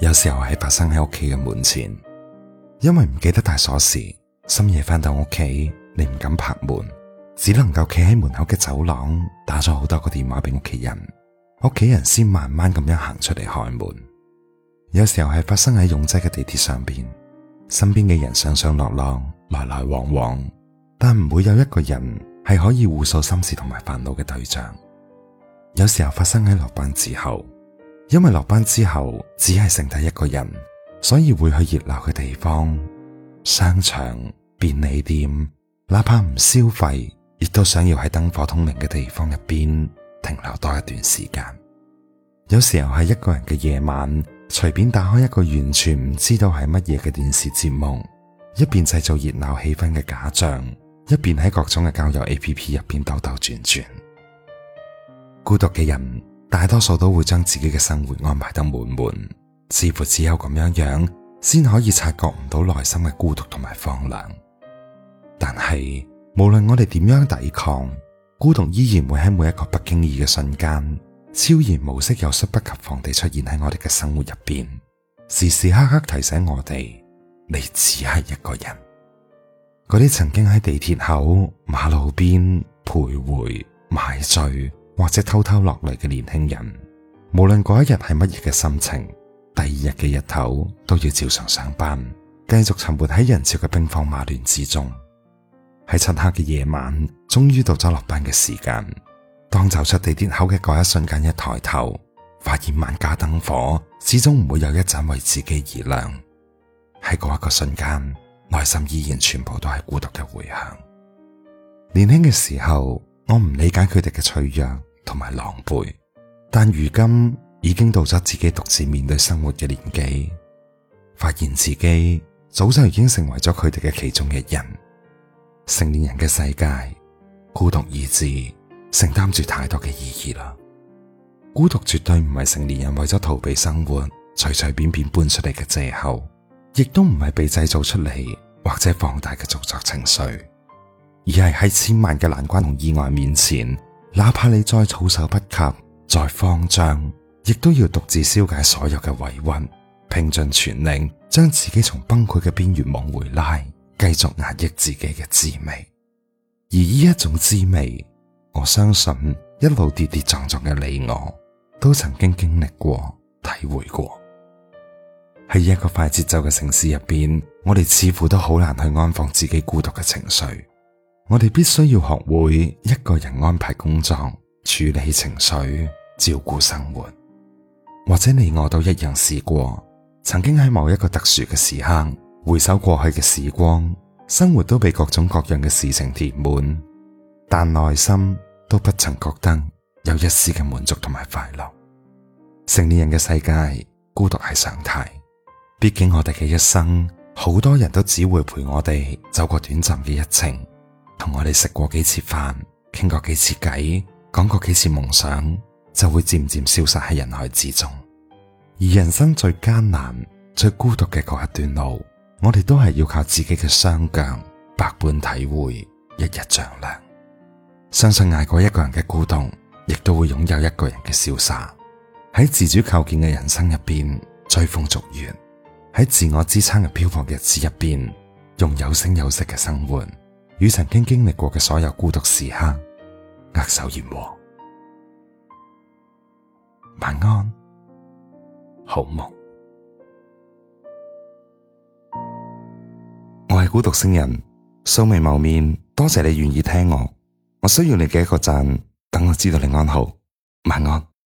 有時候係發生喺屋企嘅門前，因為唔記得帶鎖匙，深夜返到屋企，你唔敢拍門，只能夠企喺門口嘅走廊，打咗好多個電話俾屋企人，屋企人先慢慢咁樣行出嚟開門。有時候係發生喺擁擠嘅地鐵上邊，身邊嘅人上上落落，來來往往，但唔會有一個人係可以互訴心事同埋煩惱嘅對象。有時候發生喺落班之後。因為落班之後只係剩低一個人，所以會去熱鬧嘅地方，商場、便利店，哪怕唔消費，亦都想要喺燈火通明嘅地方入邊停留多一段時間。有時候係一個人嘅夜晚，隨便打開一個完全唔知道係乜嘢嘅電視節目，一邊製造熱鬧氣氛嘅假象，一邊喺各種嘅交友 App 入邊兜兜轉轉，孤獨嘅人。大多數都會將自己嘅生活安排得滿滿，似乎只有咁樣樣先可以察覺唔到內心嘅孤獨同埋荒涼。但係無論我哋點樣抵抗，孤獨依然會喺每一個不經意嘅瞬間，悄然無息又猝不及防地出現喺我哋嘅生活入邊，時時刻刻提醒我哋：你只係一個人。嗰啲曾經喺地鐵口、馬路邊徘徊、買醉。或者偷偷落淚嘅年輕人，無論嗰一日係乜嘢嘅心情，第二日嘅日頭都要照常上、上班，繼續沉沒喺人潮嘅兵荒馬亂之中。喺漆黑嘅夜晚，終於到咗落班嘅時間。當走出地鐵口嘅嗰一瞬間，一抬頭，發現萬家燈火始終唔會有一盞為自己而亮。喺嗰一個瞬間，內心依然全部都係孤獨嘅回響。年輕嘅時候，我唔理解佢哋嘅脆弱。同埋狼狽，但如今已經到咗自己獨自面對生活嘅年紀，發現自己早就已經成為咗佢哋嘅其中一人。成年人嘅世界，孤獨二字，承擔住太多嘅意義啦。孤獨絕對唔係成年人為咗逃避生活，隨隨便便，便搬出嚟嘅借口，亦都唔係被製造出嚟或者放大嘅做作情緒，而係喺千萬嘅難關同意外面前，哪怕你再措手不及、再慌張，亦都要獨自消解所有嘅委屈，拼盡全力將自己從崩潰嘅邊緣往回拉，繼續壓抑自己嘅滋味。而呢一種滋味，我相信一路跌跌撞撞嘅你我都曾經經歷過、體會過。喺一個快節奏嘅城市入邊，我哋似乎都好難去安放自己孤獨嘅情緒。我哋必須要學會一個人安排工作、處理情緒、照顧生活，或者你我都一樣試過。曾經喺某一個特殊嘅時刻，回首過去嘅時光，生活都被各種各樣嘅事情填滿，但內心都不曾覺得有一絲嘅滿足同埋快樂。成年人嘅世界，孤獨係常態，畢竟我哋嘅一生，好多人都只會陪我哋走過短暫嘅一程。同我哋食過幾次飯，傾過幾次偈，講過幾次夢想，就會漸漸消失喺人海之中。而人生最艱難、最孤獨嘅嗰一段路，我哋都係要靠自己嘅雙腳，百般體會，一日丈量。相信捱過一個人嘅孤獨，亦都會擁有一個人嘅瀟灑。喺自主構建嘅人生入邊，追風逐月；喺自我支撐嘅漂泊日子入邊，用有聲有色嘅生活。與曾經經歷過嘅所有孤獨時刻握手言和。晚安，好夢。我係孤獨星人，素未謀面，多謝你願意聽我。我需要你嘅一個讚，等我知道你安好。晚安。